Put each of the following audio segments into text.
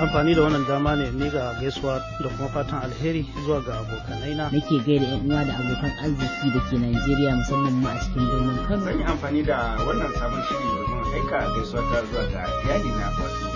amfani da wannan dama ne ni ga gaisuwa da kuma fatan alheri zuwa ga abokanai na nake gaida yan uwa da abokan arziki da ke Najeriya musamman ma a cikin birnin Kano zan yi amfani da wannan sabon shiri domin aika gaisuwa ta zuwa ga iyali na wato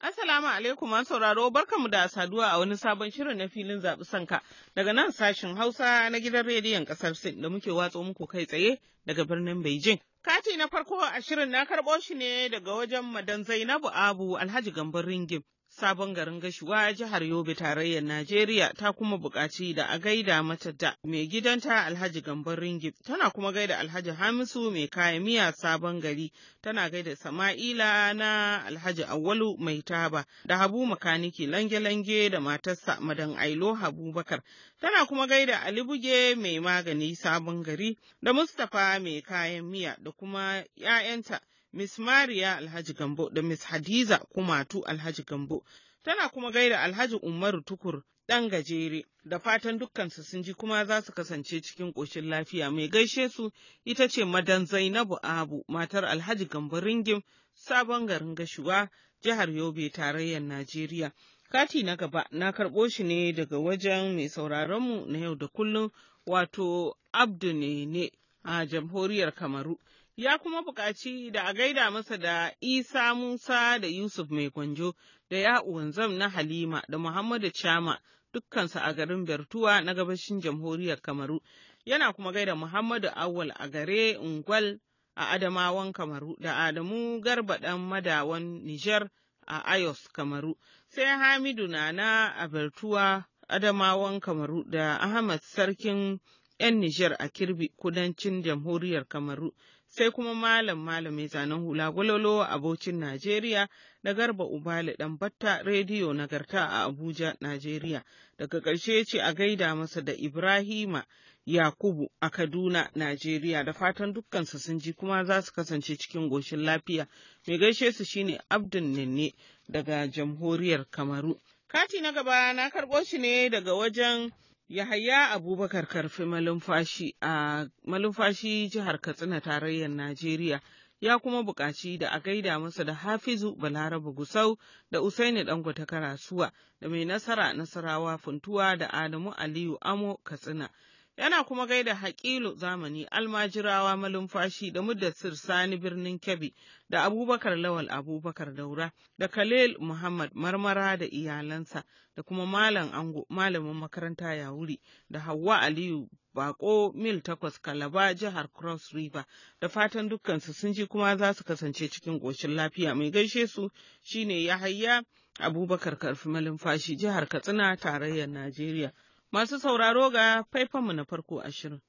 Assalamu alaikum masu sauraro barkamu da saduwa a wani sabon shirin na filin zaɓi sanka daga nan sashin Hausa na gidan rediyon ƙasar Sin da muke watso muku kai tsaye daga birnin Beijing. Kati na farko a shirin na karɓo shi ne daga wajen Madan Zainabu Abu Alhaji Gambar Ringim sabon garin gashuwa jihar Yobe tarayyar Najeriya ta kuma buƙaci da a gaida mata da mai gidanta Alhaji Gambar ringi tana kuma gaida Alhaji Hamisu mai kayan miya sabon gari tana gaida Sama'ila na Alhaji Awwalu mai taba da Habu makaniki lange-lange da matarsa Madan Ailo Habu Bakar tana kuma gaida Ali Buge mai magani sabon gari da Mustapha mai kayan miya da kuma 'ya'yanta Miss maria Alhaji Gambo da Miss Hadiza Kumatu Alhaji Gambo. Tana kuma gaida Alhaji Umaru Tukur ɗan gajere da fatan dukkansu sun ji kuma za su kasance cikin ƙoshin lafiya mai gaishe su ita ce madan Zainabu Abu matar Alhaji Gambo Ringim sabon garin gashuwa jihar Yobe tarayyar Najeriya. Kati na gaba na karɓo shi ne daga wajen mai sauraronmu na yau da kullum wato Abdu ne a jamhuriyar Kamaru. ya kuma buƙaci da a gaida masa da Isa Musa da Yusuf Mai Kwanjo da Ya'u Zam na Halima da Muhammadu Chama dukkansa a garin Bertuwa na gabashin jamhuriyar Kamaru. Yana kuma gaida Muhammadu Awal a gare Ungwal a Adamawan Kamaru da Adamu Garba ɗan Madawan Nijar a Ayos Kamaru. Sai Hamidu Nana a Bertuwa Adamawan Kamaru da Ahmad Sarkin ‘yan Nijar a Kirbi kudancin jamhuriyar Kamaru. sai kuma malam malam zanen hula gwalolo a Najeriya na Garba Ubali dan Batta rediyo nagarta a Abuja Najeriya daga ƙarshe ce a gaida masa da Ibrahima Yakubu a Kaduna Najeriya da fatan su sun ji kuma za su kasance cikin goshin lafiya mai gaishe su shine Abdul Ninne daga jamhuriyar Kamaru kati na gaba na karɓo shi ne daga wajen Yahaya Abubakar Karfi malumfashi a malumfashi jihar Katsina tarayyar Najeriya ya kuma buƙaci da a gaida masa da Hafizu Balarabu Gusau da Usaini Dangote Karasuwa da mai nasara Nasarawa Funtuwa da Adamu Aliyu Amo Katsina yana kuma gaida haƙilu zamani almajirawa malumfashi da muddassir sani birnin kebbi da abubakar lawal abubakar daura da khalil muhammad marmara da iyalansa da kuma malam ango malamin makaranta yawuri da hawa aliyu bako mil takwas kalaba jihar cross river da fatan dukkansu sun ji kuma za su kasance cikin ƙoshin lafiya mai gaishe su shine yahaya abubakar karfi malumfashi jihar katsina tarayyar najeriya Masu sauraro ga faifanmu na farko ashirin.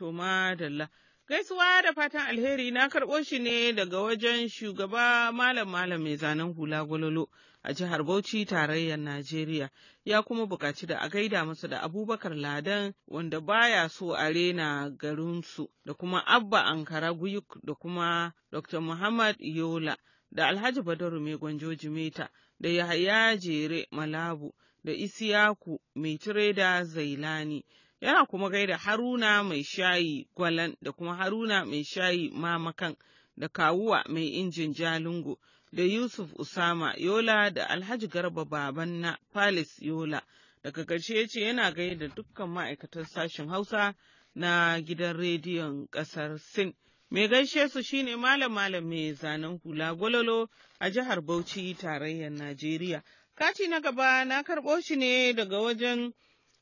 To madalla. Gaisuwa da fatan alheri na karɓo shi ne daga wajen shugaba malam malam mai zanen hula gwalolo a jihar Bauchi tarayyar Najeriya ya kuma buƙaci da a gaida masa da abubakar ladan wanda baya so a rena garinsu da kuma abba ankara guyuk da kuma dr muhammad yola da alhaji badaru mai gwanjo jimeta da yahaya jere malabu da isiyaku mai tireda zailani. yana kuma gaida Haruna mai shayi gwalan da kuma Haruna mai shayi mamakan da kawuwa mai injin jalingo da Yusuf Usama Yola da Alhaji Garba Baban na Palace Yola. Daga ƙarshe ya ce yana gaida dukkan ma'aikatan sashen Hausa na gidan rediyon ƙasar Sin. Mai gaishe su shine malam malam mai zanen hula gwalolo a jihar Bauchi tarayyar Najeriya. Kati na gaba na karɓo shi ne daga wajen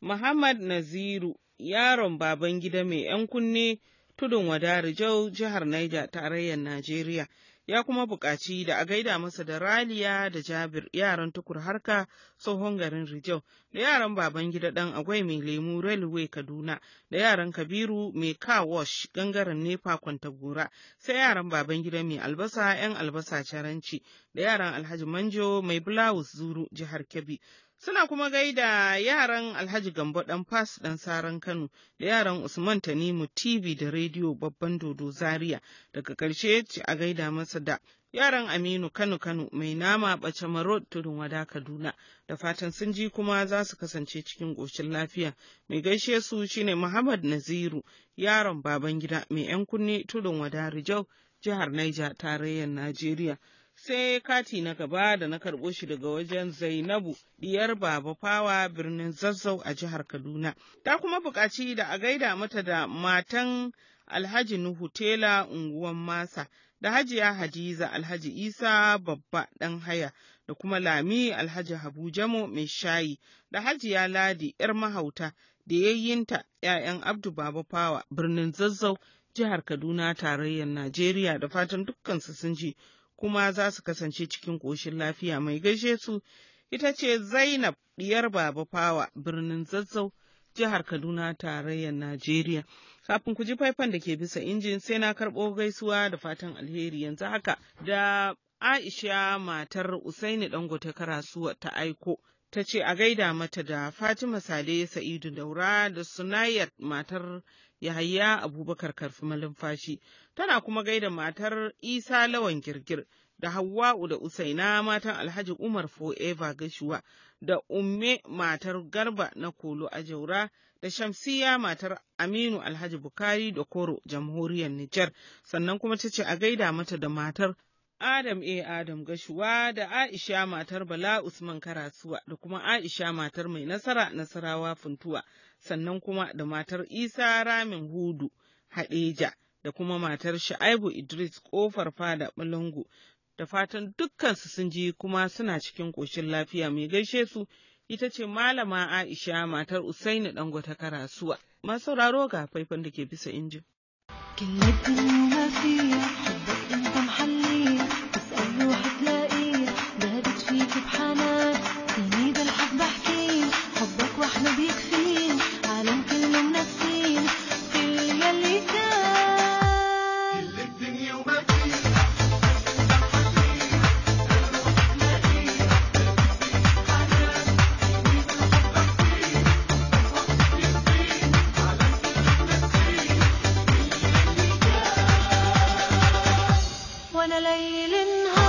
Muhammad Naziru, yaron baban gida mai ‘yan kunne tudun wadari jau jihar Niger tarayyar Najeriya, ya kuma buƙaci da a gaida masa da Raliya da Jabir yaran tukur harka tsohon garin Rijau, da yaran baban gida ɗan agwai mai lemu Railway Kaduna, da yaran Kabiru mai Kawash gangaren Nefa Kwantagora, sai yaran baban gida mai albasa ‘yan albasa caranci, da yaran Alhaji Manjo mai Bulawus Zuru jihar Kebbi. Suna kuma gaida yaran Alhaji Gambo ɗan Fas ɗan Saran Kano da yaran Usman Tanimu TV da Rediyo Babban Dodo Zaria daga ƙarshe ce a gaida masa da yaran Aminu Kano Kano mai nama ɓace maro turin wada Kaduna da fatan sun ji kuma za su kasance cikin ƙoshin lafiya. Mai gaishe su shine Muhammad Naziru yaron gida mai 'yan kunne tudun wada Rijau jihar Niger tarayyar Najeriya. sai kati na gaba da na karɓo shi daga wajen Zainabu diyar Baba Fawa birnin Zazzau a jihar Kaduna. Ta kuma buƙaci da a gaida mata da matan Alhaji Nuhu Tela unguwan Masa da Hajiya Hadiza Alhaji Isa babba ɗan haya da kuma Lami Alhaji Habu Jamo mai shayi da Hajiya Ladi 'yar mahauta da yayyinta 'ya'yan Abdu Baba Fawa birnin Zazzau jihar Kaduna tarayyar Najeriya da fatan dukkan su sun ji kuma za su kasance cikin ƙoshin lafiya mai gaishe su ita ce Zainab ɗiyar Baba Fawa birnin Zazzau jihar Kaduna tarayyar Najeriya. Kafin ku ji faifan da ke bisa injin sai na karɓo gaisuwa da fatan alheri yanzu haka da Aisha matar Usaini Dangote Karasuwa ta aiko ta ce a gaida mata da Fatima Sale Sa'idu Daura da Sunayat matar Yahaya Abubakar Karfi Malumfashi, tana kuma gaida matar Isa Lawan Girgir da Hawwa'u da Usaina matan Alhaji Umar foeva Gashuwa da Umme matar Garba na Kolo Ajaura da Shamsiya matar Aminu Alhaji Bukari da Koro Jamhuriyar Nijar, sannan kuma ta ce a gaida mata da matar Adam A. Eh, Adam Gashuwa da Aisha matar Bala Usman Karasuwa da kuma Aisha matar mai nasara nasarawa funtuwa sannan kuma da matar Isa Ramin Hudu Hadeja da kuma matar Sha'aibu Idris Kofar Fada Balango da fatan dukkansu sun ji kuma suna cikin ƙoshin lafiya mai gaishe su ita ce Malama Aisha matar Usaini Dangote Karasuwa. Masu sauraro ga faifan da ke bisa injin. broken heart.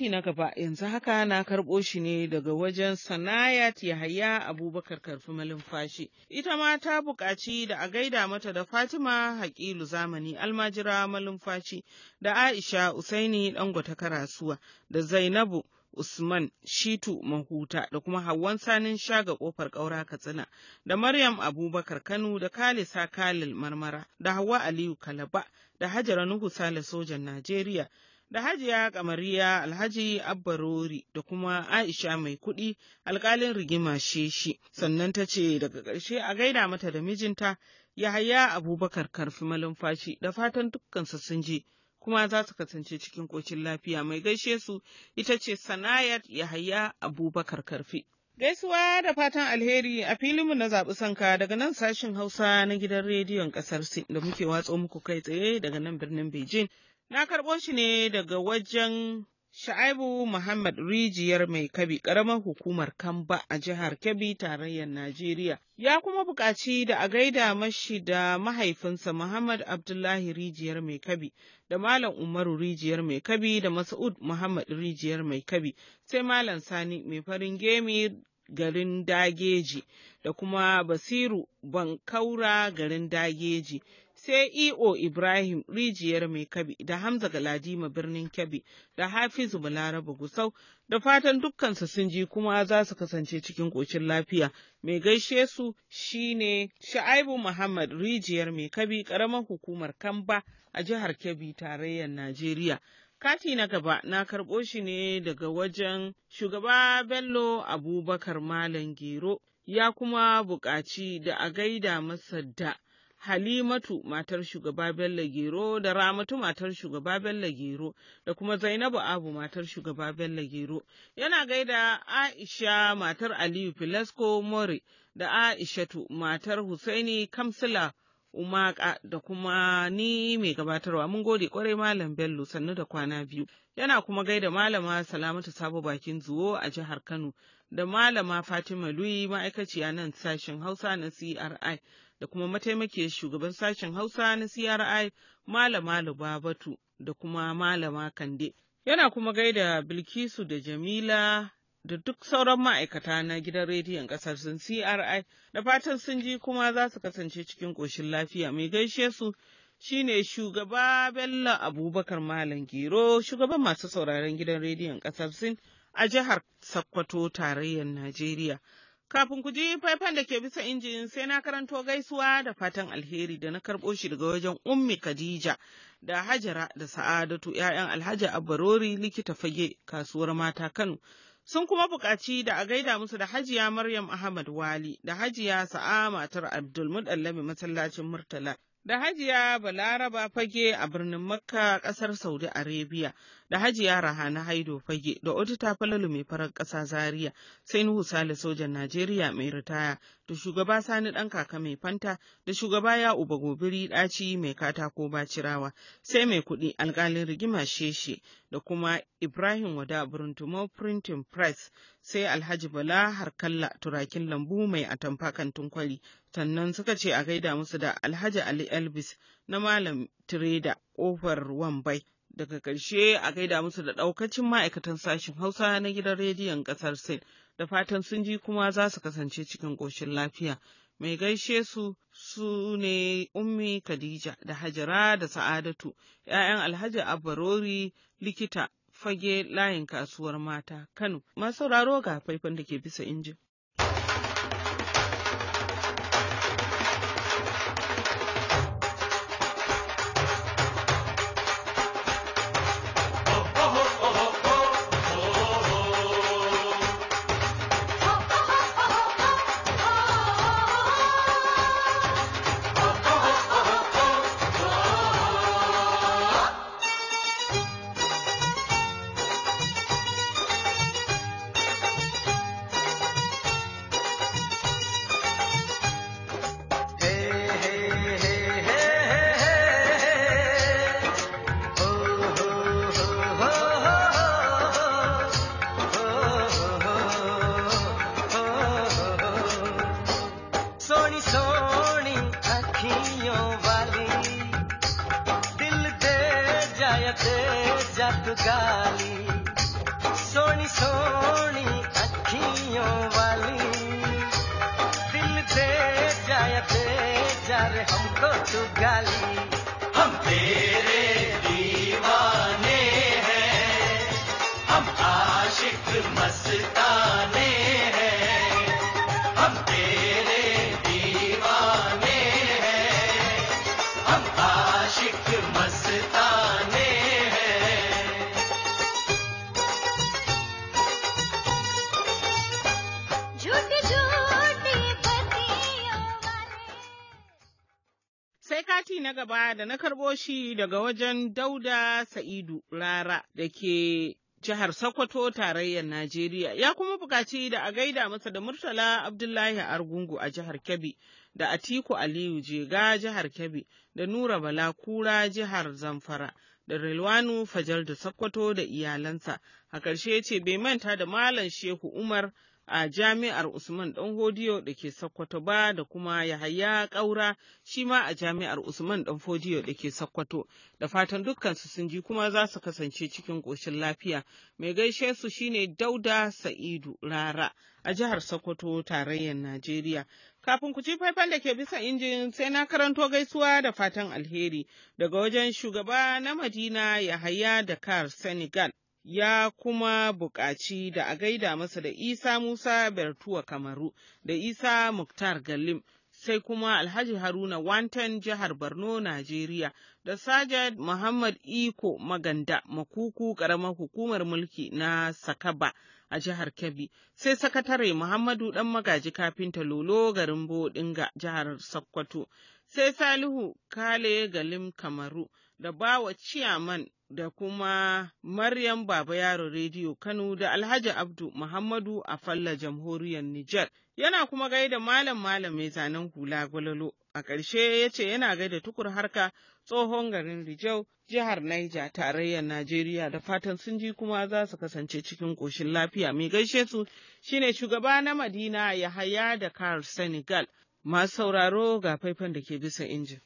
minti na gaba yanzu haka na karɓo shi ne daga wajen Sanayat Yahaya Abubakar Karfi Malumfashi. Ita ma ta buƙaci da a gaida mata da Fatima Hakilu Zamani Almajira Malumfashi da Aisha Usaini Dangwata Karasuwa da Zainabu Usman Shitu Mahuta da kuma hawan Sanin Shaga Kofar Ƙaura Katsina da Maryam Abubakar Kano da Kalisa Kalil Marmara da hawa Aliyu Kalaba da Hajara Nuhu Sale Sojan Najeriya da Hajiya Kamariya Alhaji Abbarori da kuma Aisha mai kuɗi alkalin rigima sheshi sannan ta ce daga ƙarshe a gaida mata da mijinta Yahaya Abubakar Karfi malumfashi da fatan dukkansa sun je kuma za su kasance cikin ƙocin lafiya mai gaishe su ita ce ya Yahaya Abubakar Karfi. Gaisuwa da fatan alheri a filin mu na zaɓi sanka daga nan sashin Hausa na gidan rediyon ƙasar Sin da muke watsa muku kai tsaye daga nan birnin Beijing. Na karɓo shi ne daga wajen Sha'aibu Muhammad Rijiyar Mai Kabi, ƙaramar hukumar Kamba a jihar Kebbi, tarayyar Najeriya. Ya kuma buƙaci da a gaida mashi da mahaifinsa Muhammad Abdullahi Rijiyar Mai Kabi, da Malam Umaru Rijiyar Mai Kabi, da Mas'ud Muhammad Rijiyar Mai Kabi, sai Malam Sani Mai Farin Gemi garin Dageji, da kuma Basiru Bankaura garin Dageji. sai i'o e Ibrahim Rijiyar Mai Kabi da Hamza Galadima Birnin Kebbi da Hafizu Balaraba Gusau da fatan dukkansu sun ji kuma za su kasance cikin ƙoshin lafiya. Mai gaishe su shine Sha'aibu Muhammad Rijiyar Mai Kabi ƙaramar hukumar Kamba a jihar Kebbi tarayyar Najeriya. Kati na gaba na karɓo shi ne daga wajen shugaba Bello Abubakar Malam Gero ya kuma buƙaci da a gaida masa da Halimatu matar shugaba Bello Gero da Ramatu matar shugaba Bello Gero da kuma Zainabu Abu matar shugaba Bello Gero. Yana gaida Aisha matar Aliyu Filasko More da Aishatu matar Husaini Kamsila Umaka da kuma ni mai gabatarwa mun gode kwarai Malam Bello sannu da kwana biyu. Yana kuma gaida Malama Salamatu Sabo Bakin Zuwo a jihar Kano da Malama Fatima Lui ma'aikaciya nan sashen Hausa na CRI. da kuma mataimakiyar shugaban sashen Hausa na CRI Malama Lubabatu da kuma Malama Kande. Yana kuma gaida Bilkisu da Jamila da duk sauran ma'aikata na gidan rediyon ƙasar sun CRI da fatan sun ji kuma za su kasance cikin ƙoshin lafiya mai gaishe su shine shugaba Bello Abubakar Malam Gero shugaban masu sauraron gidan rediyon ƙasar Sin a jihar Sokoto tarayyar Najeriya. Kafin ku ji faifan da ke bisa injin sai na karanto gaisuwa da fatan alheri da na karɓo shi daga wajen Ummi Khadija da Hajara da Sa'adatu ‘ya'yan Alhaji Abbarori likita fage kasuwar mata Kano. Sun kuma buƙaci da a gaida musu da Hajiya Maryam Ahmad Wali da Hajiya Sa'a matar Abdulmuɗallami masallacin Murtala. da Hajiya Balaraba fage a birnin Makka ƙasar Saudi Arabia da Hajiya Rahana Haido Fage da Odita Falalu mai farar ƙasa Zaria sai Nuhu Sale sojan Najeriya mai ritaya da shugaba Sani ɗan kaka mai fanta da shugaba ya uba gobiri ɗaci mai katako bacirawa sai mai kuɗi alƙalin rigima sheshe da kuma Ibrahim Wada Buruntumo Printing Press sai Alhaji Bala Harkalla turakin lambu mai atamfa kantin kwari sannan suka ce a gaida musu da Alhaji Ali Elvis na Malam Tireda ƙofar Wambai Daga ƙarshe a gaida musu da ɗaukacin ma'aikatan sashen Hausa na gidan rediyon ƙasar Sin, da fatan sun ji kuma za su kasance cikin ƙoshin lafiya. Mai gaishe su su ne Ummi Khadija da Hajara da Sa'adatu, ‘ya'yan Alhaji Abbarori likita fage layin kasuwar mata Kano. Masu sauraro ga faifan da ke bisa injin. हम आशिक मस्ताने हैं हम तेरे दीवाने हैं हम आशिक मस्ताने हैं झूठी झूठी Sai kati na gaba da na karɓo shi daga wajen Dauda Sa'idu Rara da ke jihar Sokoto tarayyar Najeriya ya kuma bukaci da a gaida masa da Murtala Abdullahi Argungu a jihar Kebbi da Atiku Aliyu Jega jihar Kebbi da Nura Bala Kura jihar Zamfara da Rilwanu Fajal da Sokoto da iyalansa a ƙarshe ce bai manta da Malam Shehu Umar a jami'ar Usman ɗan Hodiyo da ke Sokoto ba da kuma Yahaya Kaura shi ma a jami'ar Usman ɗan Hodiyo da ke Sokoto. Da fatan dukkan su sun ji kuma za su kasance cikin ƙoshin lafiya. Mai gaishe su shine Dauda Sa'idu Rara a jihar Sokoto tarayyar Najeriya. Kafin ku ci faifan da ke bisa injin sai na karanto gaisuwa da fatan alheri daga wajen shugaba na Madina Yahaya Dakar Senegal. ya kuma buƙaci da a gaida masa da Isa Musa Bertuwa Kamaru da Isa Muktar Galim. Sai kuma Alhaji Haruna Wantan jihar Borno, Najeriya, da Sajad Muhammad Iko Maganda Makuku ƙaramar hukumar mulki na Sakaba a jihar Kebbi, sai sakatare Muhammadu ɗan magaji kafinta Lolo garin Bodinga jihar Sokoto, sai Salihu Kale Galim Kamaru da Bawa Ciyaman da kuma Maryam Baba Yaro Rediyo Kano da Alhaji Abdu Muhammadu a falla jamhuriyar Nijar. Yana kuma gaida malam malam mai zanen hula gwalolo. A ƙarshe ya ce yana gaida tukur harka tsohon garin Rijau, jihar Niger, tarayyar Najeriya da fatan sun ji kuma za su kasance cikin ƙoshin lafiya. Mai gaishe su shine shugaba na Madina haya da Kar Senegal. Masu sauraro ga faifan da ke bisa injin.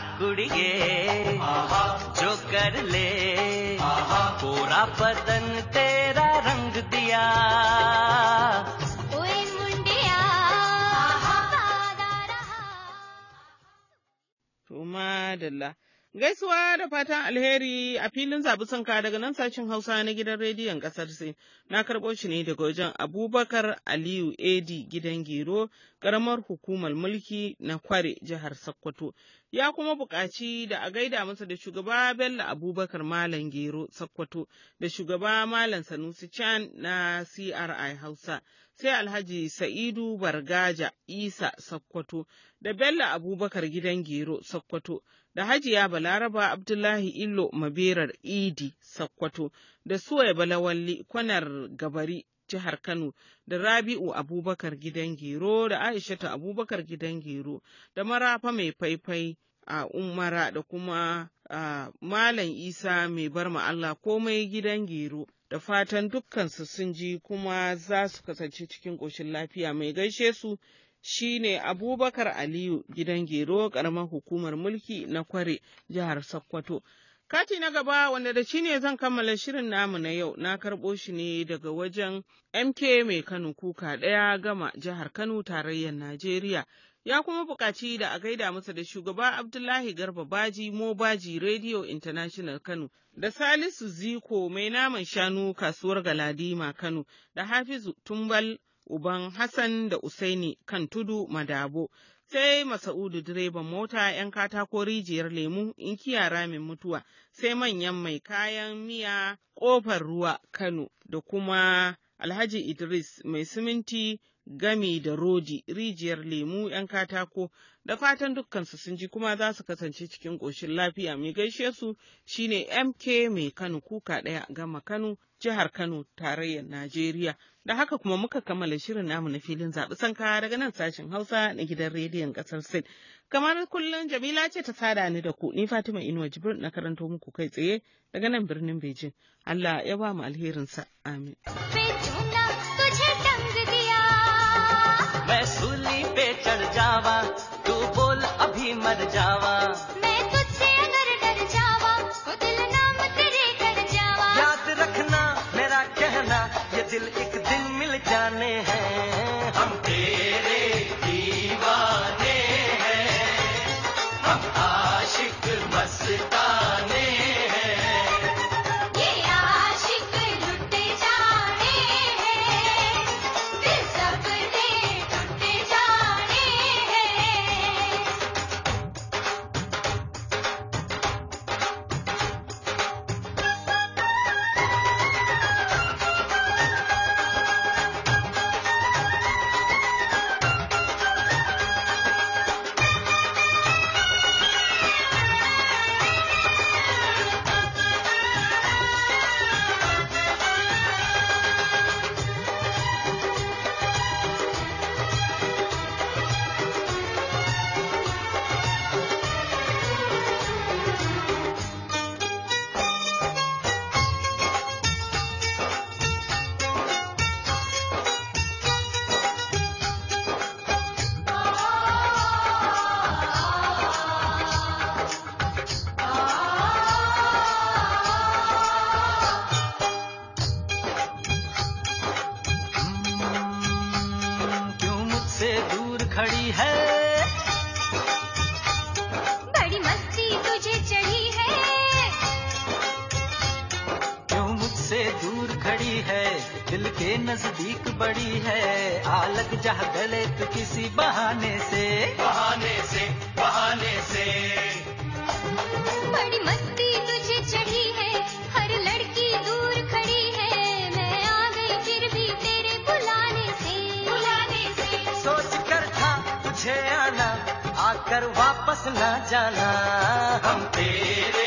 कुड़िए जो कर ले पूरा बदन तेरा रंग दिया To madalla Gaisuwa da fatan alheri a filin zabi sanka daga nan sashen Hausa na gidan rediyon ƙasar Sin. Na karɓo shi ne daga wajen Abubakar Aliyu AD gidan Gero, ƙaramar hukumar mulki na Kware jihar Sokoto. Ya kuma buƙaci da a gaida masa da shugaba Bello Abubakar Malam Gero Sokoto da shugaba Malam Sanusi Chan na CRI Hausa. sai Alhaji Sa'idu Bargaja Isa Sokoto da Bello Abubakar Gidan Gero Sokoto. da Hajiya Balaraba Abdullahi Illo Maberar Idi e Sakkwato da Suwai Balawalli Kwanar Gabari jihar Kano da Rabi'u Abubakar Gidan Gero da Aishatu Abubakar Gidan Gero da Marafa Mai Faifai a Umara da kuma Malam Isa Mai Barma Allah komai Gidan Gero. Da fatan dukkansu sun ji kuma za su kasance cikin ƙoshin lafiya mai gaishe su shine Abubakar Aliyu gidan Gero karamar hukumar mulki na Kware jihar Sokoto. Kati na gaba wanda da shi ne zan kammala shirin namu na yau na karɓo shi ne daga wajen MK mai Kano kuka ɗaya gama jihar Kano tarayyar Najeriya. Ya kuma buƙaci da a gaida masa da shugaba Abdullahi Garba Baji Mobaji Radio International Kano da Salisu Ziko mai naman shanu kasuwar Galadima Kano da Hafizu Tumbal uban Hassan da Usaini kan tudu madabo, sai Masa'udu direban mota ‘yan katako rijiyar lemu in ramin mutuwa, sai manyan mai kayan miya ƙofar ruwa Kano da kuma Alhaji Idris mai siminti gami da rodi rijiyar lemu ‘yan katako da fatan dukkansu sun ji kuma za su kasance cikin ƙoshin lafiya mai gaishe su shine MK mai Kano kuka ɗaya gama Kano jihar Kano tarayyar Najeriya. Da haka kuma muka kammala shirin namu na filin zaɓi sanka daga nan sashen Hausa na gidan rediyon ƙasar Sin. Kamar kullum Jamila ce ta sada ni da ku ni Fatima Inuwa Jibril na karanto muku kai tsaye daga nan birnin Bejin. Allah ya ba mu alherinsa. Amin. खड़ी है बड़ी मस्ती तुझे चढ़ी है क्यों मुझसे दूर खड़ी है दिल के नजदीक बड़ी है आलक जा गले तो किसी बहाने से बहाने से बहाने से बड़ी मस्ती घर वापस ना जाना हम तेरे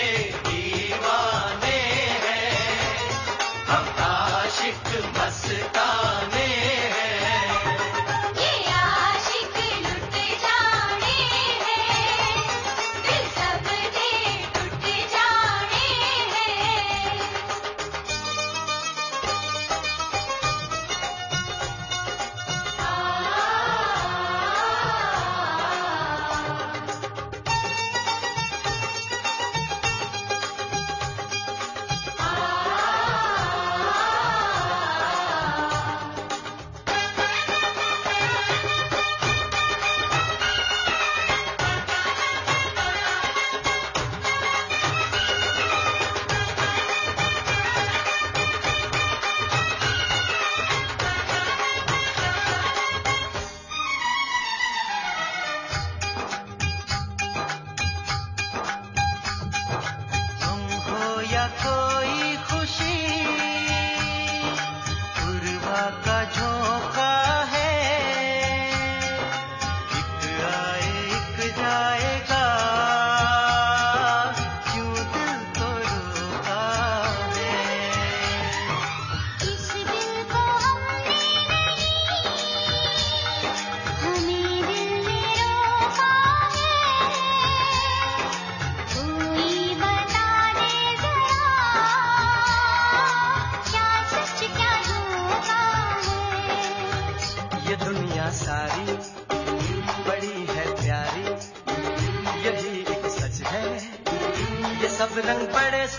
Kako.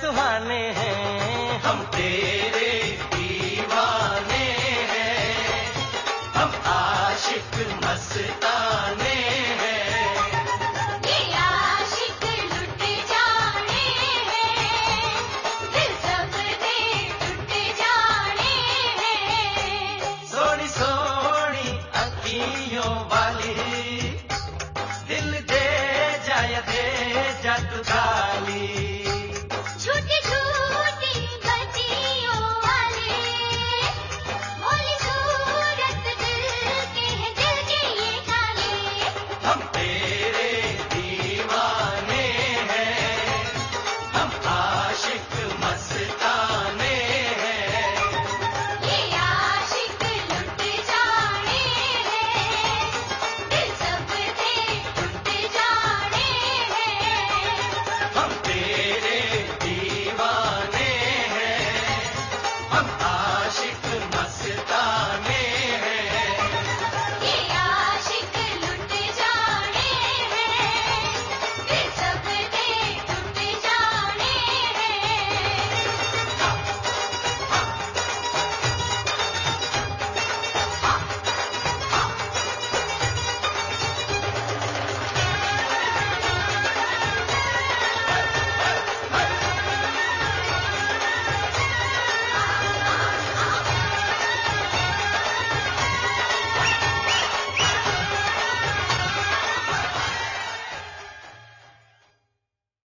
都安逸。